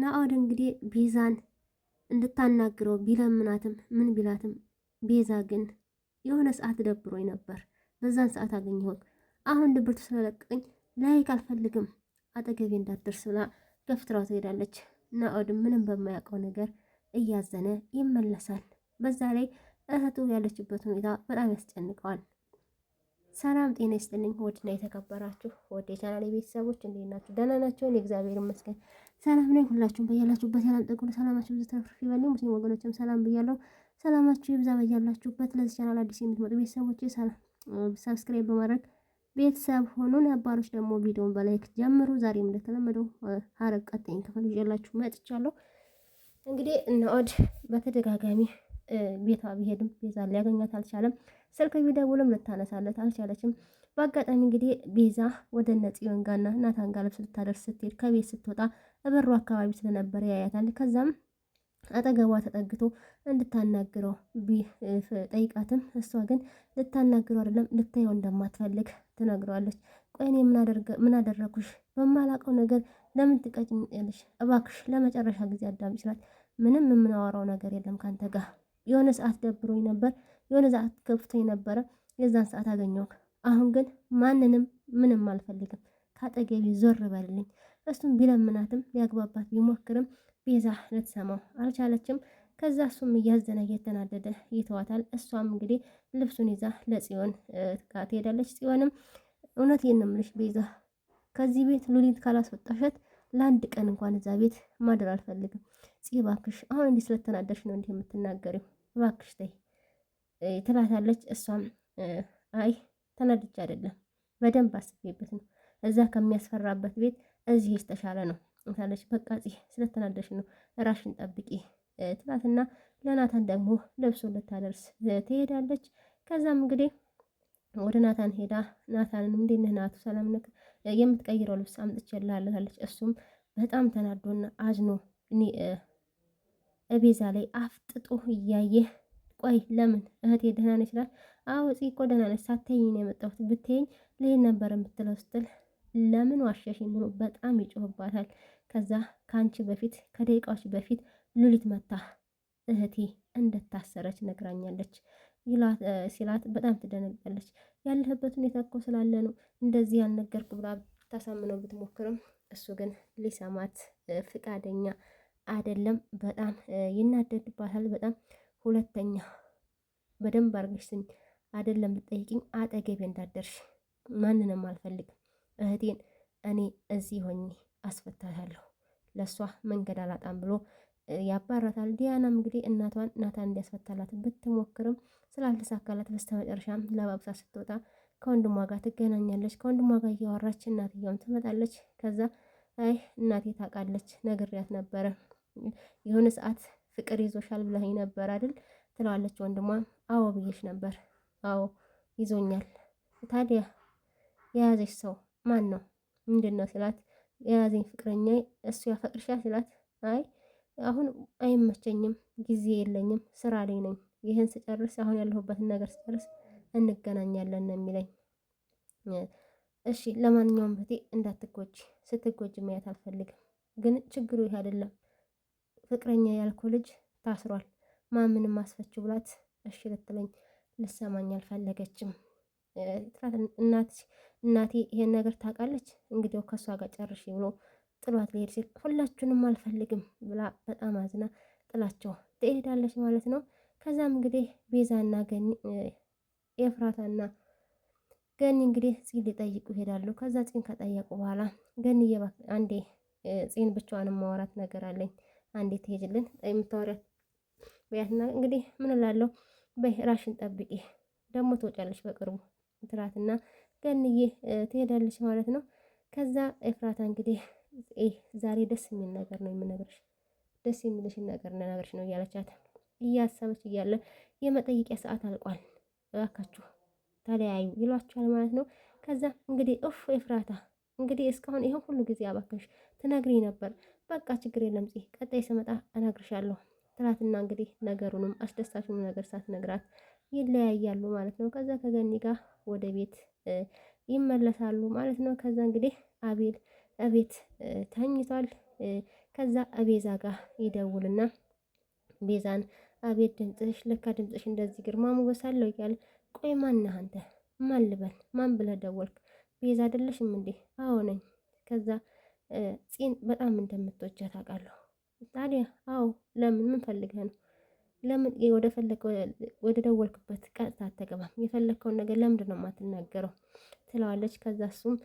ናኦድ እንግዲህ ቤዛን እንድታናግረው ቢለምናትም ምን ቢላትም ቤዛ ግን የሆነ ሰዓት ደብሮኝ ነበር፣ በዛን ሰዓት አገኘሁት። አሁን ድብርቱ ስለለቀቀኝ ላይክ አልፈልግም፣ አጠገቤ እንዳትደርስ ብላ ገፍትራው ትሄዳለች። ናኦድም ምንም በማያውቀው ነገር እያዘነ ይመለሳል። በዛ ላይ እህቱ ያለችበት ሁኔታ በጣም ያስጨንቀዋል። ሰላም ጤና ይስጥልኝ። ወድና የተከበራችሁ ወደ ቻናል ቤተሰቦች እንዴት ናችሁ? ደህና ናቸውን? የእግዚአብሔር ይመስገን። ሰላም ነው ሁላችሁም በያላችሁበት ያለም ጠቁ ሰላማችሁ ብዙ ተረፍርፍ ይበል። ሙስሊም ወገኖችም ሰላም ብያለሁ። ሰላማችሁ ይብዛ በያላችሁበት። ለዚህ ቻናል አዲስ የምትመጡ ቤተሰቦች ሰብስክራይብ በማድረግ ቤተሰብ ሆኑ፣ ነባሮች ደግሞ ቪዲዮን በላይክ ጀምሩ። ዛሬም እንደተለመደው ሀረግ ቀጣይን ክፍል ይዤላችሁ መጥቻለሁ። እንግዲህ እነ በተደጋጋሚ ቤቷ ቢሄድም ቤዛ ሊያገኛት አልቻለም። ስልክ ቢደውልም ልታነሳለት አልቻለችም። በአጋጣሚ እንግዲህ ቤዛ ወደ እነ ጽዮን ጋርና ናታን ጋር ልብስ ልታደርስ ስትሄድ ከቤት ስትወጣ በሩ አካባቢ ስለነበረ ያያታል። ከዛም አጠገቧ ተጠግቶ እንድታናግረው ጠይቃትም እሷ ግን ልታናግረው አይደለም ልታየው እንደማትፈልግ ትነግረዋለች። ቆይኔ ምናደረኩሽ ምን በማላውቀው ነገር ለምን ትቀጭኛለሽ? እባክሽ ለመጨረሻ ጊዜ አዳም ይችላል። ምንም የምናወራው ነገር የለም ካንተ ጋር የሆነ ሰዓት ደብሮኝ ነበር፣ የሆነ ሰዓት ከፍቶኝ ነበረ። የዛን ሰዓት አገኘሁህ። አሁን ግን ማንንም ምንም አልፈልግም። ከአጠገቤ ዞር በልልኝ። እሱም ቢለምናትም ሊያግባባት ቢሞክርም ቤዛ ልትሰማው አልቻለችም። ከዛ እሱም እያዘነ እየተናደደ ይተዋታል። እሷም እንግዲህ ልብሱን ይዛ ለጽዮን ጋር ትሄዳለች። ጽዮንም እውነት ነው የምልሽ ቤዛ ከዚህ ቤት ሉሊት ካላስወጣሸት ለአንድ ቀን እንኳን እዛ ቤት ማደር አልፈልግም። ጽ ባክሽ አሁን እንዲህ ስለተናደርሽ ነው እንዲህ የምትናገሪው ባክሽ ተይ ትላታለች። እሷም አይ ተናድጄ አይደለም በደንብ አስቤበት ነው እዛ ከሚያስፈራበት ቤት እዚህ የተሻለ ነው ታለች። በቃ ጽህ ስለተናደሽ ነው ራሽን ጠብቂ ትላትና ለናታን ደግሞ ለብሶ ልታደርስ ትሄዳለች። ከዛም እንግዲህ ወደ ናታን ሄዳ ናታንን እንዴት ነህ ናቱ ሰላም ነህ? የምትቀይረው ልብስ አምጥቼልሃለሁ አለች። እሱም በጣም ተናዶና አዝኖ እኔ እቤዛ ላይ አፍጥጦ እያየ ቆይ ለምን እህቴ ደህና ነች? ይችላል አዎ ጽህ እኮ ደህና ነች፣ ሳትይኝ ነው የመጣሁት ብትይኝ ልሄድ ነበር የምትለው ስትል ለምን ዋሻሽ ብሎ በጣም ይጮህባታል። ከዛ ከአንቺ በፊት ከደቂቃዎች በፊት ሉሊት መታ እህቴ እንደታሰረች ነግራኛለች ሲላት በጣም ትደነግጣለች። ያለህበት ሁኔታ እኮ ስላለ ነው እንደዚህ ያልነገርኩ ብላ ታሳምነው ብትሞክርም እሱ ግን ሊሰማት ፍቃደኛ አይደለም። በጣም ይናደድባታል። በጣም ሁለተኛ በደንብ አርገሽ ስኝ አይደለም ብትጠይቅኝ አጠገቤ እንዳደርሽ ማንንም አልፈልግም እህቴን እኔ እዚህ ሆኜ አስፈታታለሁ ለእሷ መንገድ አላጣም ብሎ ያባራታል። ዲያናም እንግዲህ እናቷን ናታን እንዲያስፈታላት ብትሞክርም ስላልተሳካላት በስተመጨረሻም ለባብሳ ስትወጣ ከወንድሟ ጋር ትገናኛለች። ከወንድሟ ጋር እያወራች እናትየውም ትመጣለች። ከዛ አይ እናቴ ታውቃለች፣ ነግሬያት ነበረ የሆነ ሰዓት ፍቅር ይዞሻል ብለኸኝ ነበር አይደል ትለዋለች። ወንድሟ አዎ ብዬሽ ነበር፣ አዎ ይዞኛል። ታዲያ የያዘች ሰው ማን ነው ምንድን ነው ስላት የያዘኝ ፍቅረኛ እሱ ያፈቅርሻል ስላት አይ አሁን አይመቸኝም፣ ጊዜ የለኝም፣ ስራ ላይ ነኝ። ይህን ስጨርስ አሁን ያለሁበትን ነገር ስጨርስ እንገናኛለን ነው የሚለኝ። እሺ ለማንኛውም እህቴ እንዳትጎጂ፣ ስትጎጂ ማየት አልፈልግም። ግን ችግሩ ይህ አይደለም። ፍቅረኛ ያልኩ ልጅ ታስሯል፣ ማምንም አስፈች ብላት እሺ ልትለኝ ልሰማኝ አልፈለገችም። እናት እናቴ ይሄን ነገር ታውቃለች እንግዲያው ከእሷ ጋር ጨርሽ ብሎ ጥሏት ሊሄድ ሲል ሁላችሁንም አልፈልግም ብላ በጣም አዝና ጥላቸው ትሄዳለች ማለት ነው። ከዛም እንግዲህ ቤዛና ገኒ ኤፍራታና ገኒ እንግዲህ ጽን ሊጠይቁ ይሄዳሉ። ከዛ ጽን ከጠየቁ በኋላ ገኒ አንዴ ጽን ብቻዋን ማወራት ነገር አለኝ አንዴ ትሄጅልን የምታወሪያ ብያትና እንግዲህ ምን ላለው በይ ራሽን ጠብቂ ደግሞ ትወጫለች በቅርቡ ትላትና ገንዬ ትሄዳለች ማለት ነው። ከዛ ኤፍራታ እንግዲህ ዛሬ ደስ የሚል ነገር ነው የምነግርሽ፣ ደስ የሚልሽን ነገር ልነግርሽ ነው እያለቻት እያሰበች እያለ የመጠይቂያ ሰዓት አልቋል፣ እባካችሁ ተለያዩ ይሏቸዋል ማለት ነው። ከዛ እንግዲህ እፍ ኤፍራታ እንግዲህ እስካሁን ይሄ ሁሉ ጊዜ አባክንሽ ትነግሪ ነበር። በቃ ችግር የለም ቀጣይ ስመጣ እነግርሻለሁ ትላትና እንግዲህ ነገሩንም አስደሳችም ነገር ሳትነግራት ይለያያሉ ማለት ነው። ከዛ ከገኒ ጋር ወደ ቤት ይመለሳሉ ማለት ነው። ከዛ እንግዲህ አቤል እቤት ተኝቷል። ከዛ ቤዛ ጋር ይደውልና ቤዛን አቤት ድምፅሽ ለካ ድምፅሽ እንደዚህ ግርማ ሞገስ አለው እያለ ቆይ ማነህ አንተ ማን ልበል ማን ብለህ ደወልክ? ቤዛ አይደለሽም እንዴ? አዎ ነኝ። ከዛ ጺን በጣም እንደምትወጃት አውቃለሁ። ታዲያ አዎ ለምን ምን ፈልገህ ነው? ለምን ወደ ፈለገው ወደ ደወልክበት ቀጥታ አትገባም? የፈለግከውን ነገር ለምንድን ነው የማትናገረው? ትለዋለች። ከዛ እሱም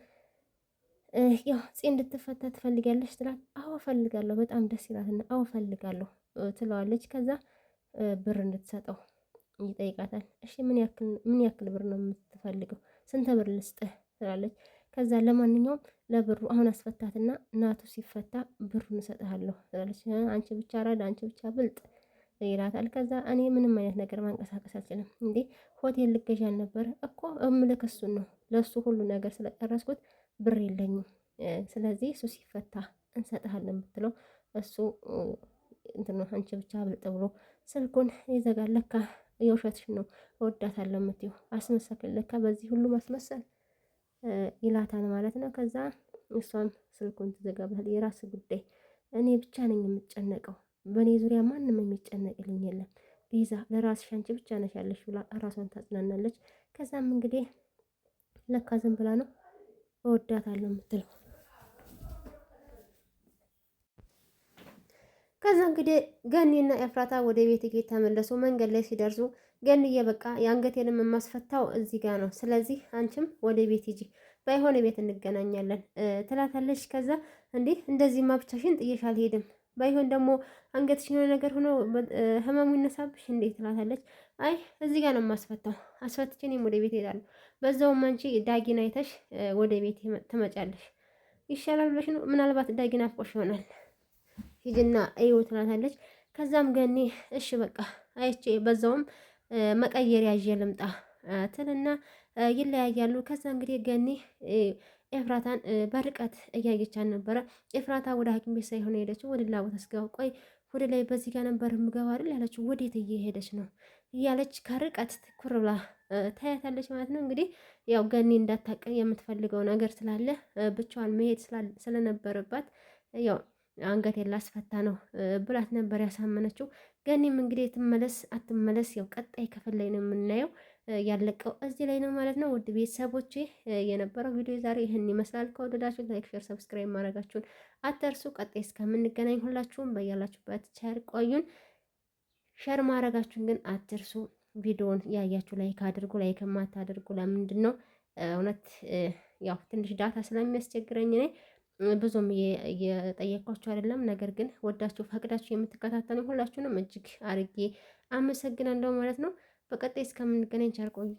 ያው ፂ እንድትፈታ ትፈልጋለች ትላት። አዎ እፈልጋለሁ፣ በጣም ደስ ይላትና አዎ እፈልጋለሁ ትለዋለች። ከዛ ብር እንድትሰጠው ይጠይቃታል። እሺ ምን ያክል ብር ነው የምትፈልገው? ስንት ብር ልስጥህ? ትላለች። ከዛ ለማንኛውም ለብሩ አሁን አስፈታትና ናቱ ሲፈታ ብሩን እሰጥሃለሁ ትላለች። አንቺ ብቻ ራድ፣ አንቺ ብቻ ብልጥ ይላታል። ከዛ እኔ ምንም አይነት ነገር ማንቀሳቀስ አልችልም። እንዴ ሆቴል ልገዣ አልነበረ እኮ እምልክ እሱን ነው ለእሱ ሁሉ ነገር ስለጨረስኩት ብር የለኝም። ስለዚህ እሱ ሲፈታ እንሰጥሃለን ብትለው እሱ እንትኑ አንቺ ብቻ ብልጥ ብሎ ስልኩን ይዘጋል። ለካ የውሸትሽን ነው እወዳታለሁ የምትይው አስመሰክል፣ ለካ በዚህ ሁሉ ማስመሰል ይላታል ማለት ነው። ከዛ እሷም ስልኩን ትዘጋበታል። የራስ ጉዳይ እኔ ብቻ ነኝ የምጨነቀው በእኔ ዙሪያ ማንም የሚጨነቅልኝ የለም። ቤዛ ለራስሽ አንቺ ብቻ ነሽ ያለሽ ብላ ራሷን ታጽናናለች። ከዛም እንግዲህ ለካ ዝም ብላ ነው እወዳታለሁ የምትለው። ከዛ እንግዲህ ገኒና ኤፍራታ ወደ ቤት ተመለሱ። መንገድ ላይ ሲደርሱ ገኒዬ በቃ የአንገቴንም የማስፈታው እዚህ ጋር ነው፣ ስለዚህ አንቺም ወደ ቤት ሂጂ፣ ባይሆን ቤት እንገናኛለን ትላታለች። ከዛ እንዴ እንደዚህማ ብቻሽን ጥዬሽ አልሄድም ባይሆን ደግሞ አንገትሽ የሆነ ነገር ሆኖ ህመሙ ይነሳብሽ እንዴት ትላታለች። አይ እዚህ ጋር ነው የማስፈታው፣ አስፈትቼ እኔም ወደ ቤት እሄዳለሁ። በዛውም አንቺ ዳጊን አይተሽ ወደ ቤት ትመጫለሽ ይሻላል ብለሽ ነው። ምናልባት ዳጊን አፍቆሽ ይሆናል ሂጂና እዩ ትላታለች። ከዛም ገኔ እሺ በቃ አይቼ በዛውም መቀየር ያዤ ልምጣ ትልና ይለያያሉ። ከዛ እንግዲህ ገኔ ኤፍራታን በርቀት እያየቻን ነበረ። ኤፍራታ ወደ ሐኪም ቤት ሳይሆን የሄደችው ወደ ሌላ ቦታ ስገባ ቆይ ወደ ላይ በዚህ ጋር ነበር ምገባ አይደል ያለችው ወዴት እየሄደች ነው እያለች ከርቀት ትኩር ብላ ታያታለች ማለት ነው። እንግዲህ ያው ገኒ እንዳታቀ የምትፈልገው ነገር ስላለ ብቻዋን መሄድ ስለነበረባት ያው አንገቴን ላስፈታ ነው ብላት ነበር ያሳመነችው። ገኒም እንግዲህ ትመለስ አትመለስ ያው ቀጣይ ክፍል ላይ ነው የምናየው። ያለቀው እዚህ ላይ ነው ማለት ነው። ውድ ቤተሰቦቼ የነበረው ቪዲዮ ዛሬ ይህን ይመስላል። ከወደዳችሁ ላይክ፣ ሼር፣ ሰብስክራይብ ማድረጋችሁን አትርሱ። ቀጣይ እስከምንገናኝ ሁላችሁም በያላችሁበት ቸር ቆዩን። ሸር ማድረጋችሁን ግን አትርሱ። ቪዲዮውን ያያችሁ ላይክ አድርጉ። ላይክ ማታደርጉ ለምንድን ነው? እውነት ያው ትንሽ ዳታ ስለሚያስቸግረኝ እኔ ብዙም እየጠየኳችሁ አይደለም። ነገር ግን ወዳችሁ ፈቅዳችሁ የምትከታተሉ ሁላችሁንም እጅግ አርጌ አመሰግናለሁ ማለት ነው። በቀጣይ እስከምንገናኝ ቸር ቆዩኝ።